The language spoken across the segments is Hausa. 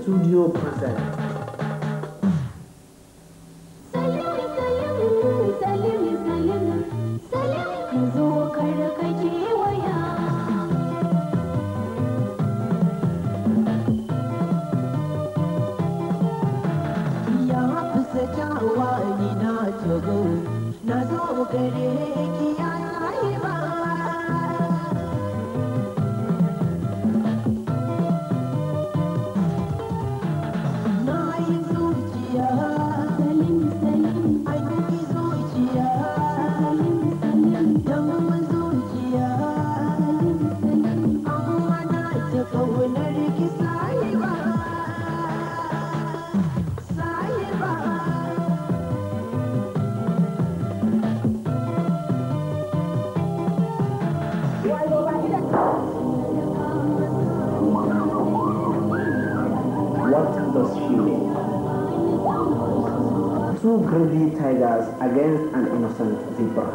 Studio presents what does she mean? Two greedy tigers against an innocent zebra.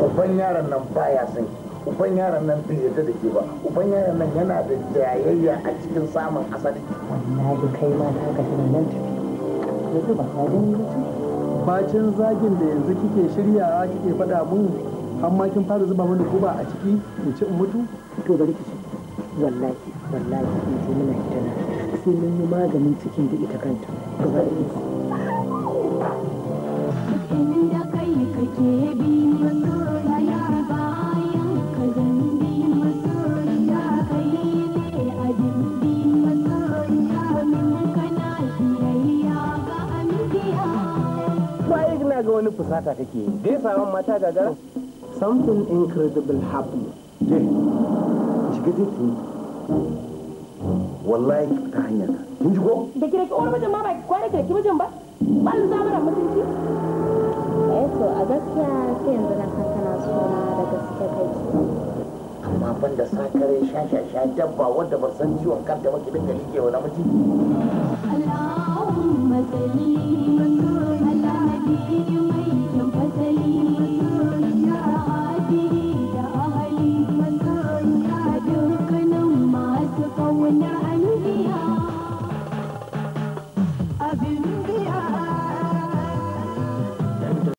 uban yaron nan baya son ki uban yaron nan bai yadda da ke ba uban yaron nan yana da jayayya a cikin samun asali wallahi kai ma ta haka tana nan tafi yanzu ba ka gani ba bacin zagin da yanzu kike shiryawa kike faɗa mun amma kin fara zuba mana guba a ciki in ci in mutu to bari ki ci wallahi wallahi in ji muna ita na sai mun yi maganin cikin da ita kanta gaba da ita wani fusata kake yi gaisawan mata gagara something incredible happened je shiga je ta wallahi ta hanya ka kin ji ko da kira ki wani mijin ma ba ki kira ki mijin ba ban ni zamara mutunci eh to a gaskiya sai yanzu na san kana so na da gaske kai amma ban da sakare sha sha sha dabba wanda ba san ciwon kanta ba ki dinga wa namiji Allahumma salli wa sallim